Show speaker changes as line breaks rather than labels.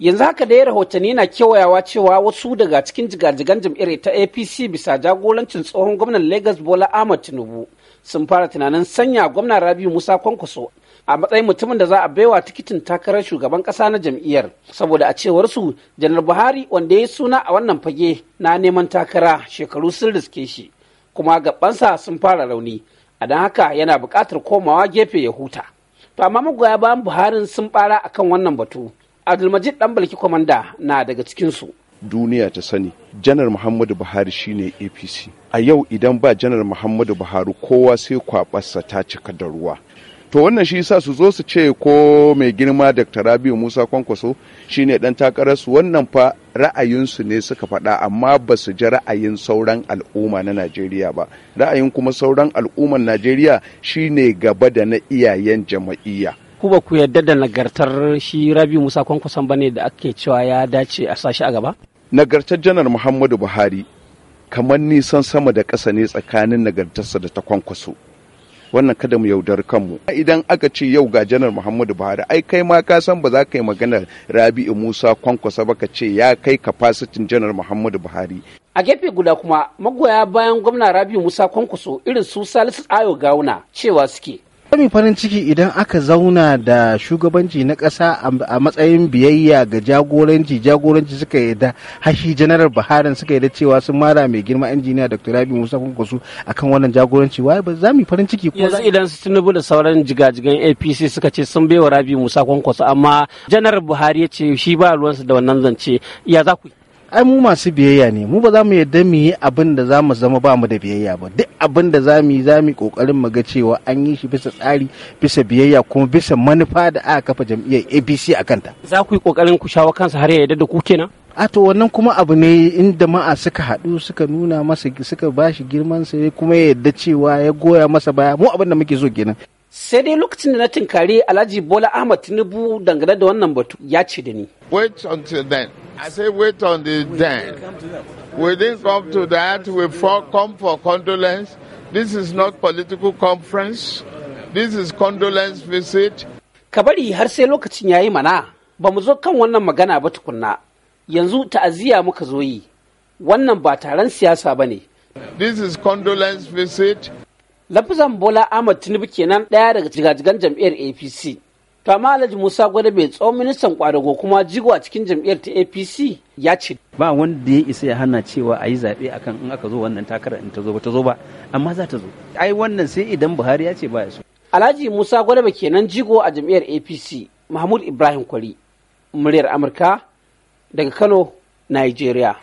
Yanzu haka dai rahotanni na kewayawa cewa wasu daga cikin jigajigan jam'iyyar ta APC bisa jagorancin tsohon gwamnan Lagos Bola Ahmed Tinubu sun fara tunanin sanya gwamna Rabiu Musa Kwankwaso a matsayin mutumin da za a baiwa tikitin takarar shugaban kasa na jam'iyyar saboda a cewar su janar Buhari wanda ya suna a wannan fage na neman takara shekaru sun riske shi kuma gabansa sun fara rauni a dan haka yana buƙatar komawa gefe ya huta to amma magoya bayan Buharin sun bara akan wannan batu Abdulmajid dan balki kwamanda na daga cikinsu.
Duniya ta sani, Janar Muhammadu Buhari shine APC. A yau idan ba Janar Muhammadu Buhari kowa sai kwabarsa ta cika da ruwa. to wannan shi yasa su zo su ce ko mai girma dr rabiu musa kwankwaso shine dan takararsu wannan fa ra'ayinsu ne suka faɗa amma ba su ji ra'ayin sauran al'umma na najeriya ba ra'ayin kuma sauran al'umman najeriya shine gaba da na iyayen jama'iyya
ku ba ku yarda da nagartar shi Rabi Musa Kwankwason bane da ake cewa ya dace a sashi a gaba?
Nagartar Janar Muhammadu Buhari kamar nisan sama da ƙasa ne tsakanin nagartarsa da ta kwankwaso. Wannan kada mu yaudar kanmu. Idan aka ce yau ga Janar Muhammadu Buhari, ai kai ma ka san ba za ka yi magana Rabi'u Musa Kwankwasa ba ka ce ya kai kafasitin Janar Muhammadu Buhari.
a gefe guda kuma magoya bayan gwamna rabi musa kwankwaso irin su salisu ayo gauna cewa suke
Bari farin ciki idan aka zauna da shugabanci na ƙasa a matsayin biyayya ga jagoranci jagoranci suka da hashi janaral Buhari suka da cewa sun mara mai girma injiniya Dr. Rabi Musa Kwankwaso akan wannan jagoranci wai ba za mu farin ciki ko
idan su tunubu da sauran jigajigan APC suka ce sun bai wa Rabi Musa Kwankwaso amma janaral Buhari ya ce shi ba
ruwansa da wannan zance ya za ku yi ai mu masu biyayya ne mu ba za mu yarda mu yi abin da za mu zama ba mu da biyayya ba duk abin da za mu yi za mu kokarin mu ga cewa an yi shi bisa tsari bisa biyayya kuma bisa manufa da aka kafa jam'iyyar abc a kanta
za ku yi kokarin ku shawo kansa har ya yarda da ku kenan
a to wannan kuma abu ne inda ma'a suka haɗu suka nuna masa suka bashi girman sa kuma ya yarda cewa ya goya masa baya mu abin da muke so kenan sai
dai lokacin da na tinkari alhaji bola ahmad tinubu dangane da wannan batu ya ce da ni wait
until then I say wait on the then. We didn't come to that. We for, come for condolence. This is not political conference. This is
condolence visit. Ka bari har sai lokacin yayi mana. Ba mu zo kan wannan magana ba tukunna. Yanzu ta'aziyya muka zo yi. Wannan ba taron siyasa ba ne. This is condolence visit. Lafizan Bola Ahmad Tinubu kenan ɗaya daga jigajigan jam'iyyar APC. Tama Alhaji Musa Gwadabe tsohon ministan kwadago kuma jigo a cikin jam'iyyar ta APC ya ce. Ba wanda ya isa ya hana cewa a yi zaɓe kan in aka zo wannan takarar in ta zo ba ta zo ba amma za ta zo. Ai wannan sai idan Buhari ya ce ba ya so. Alhaji Musa Gwadabe kenan jigo a jam'iyyar APC Mahmud Ibrahim Kwari muryar Amurka daga Kano, Nigeria.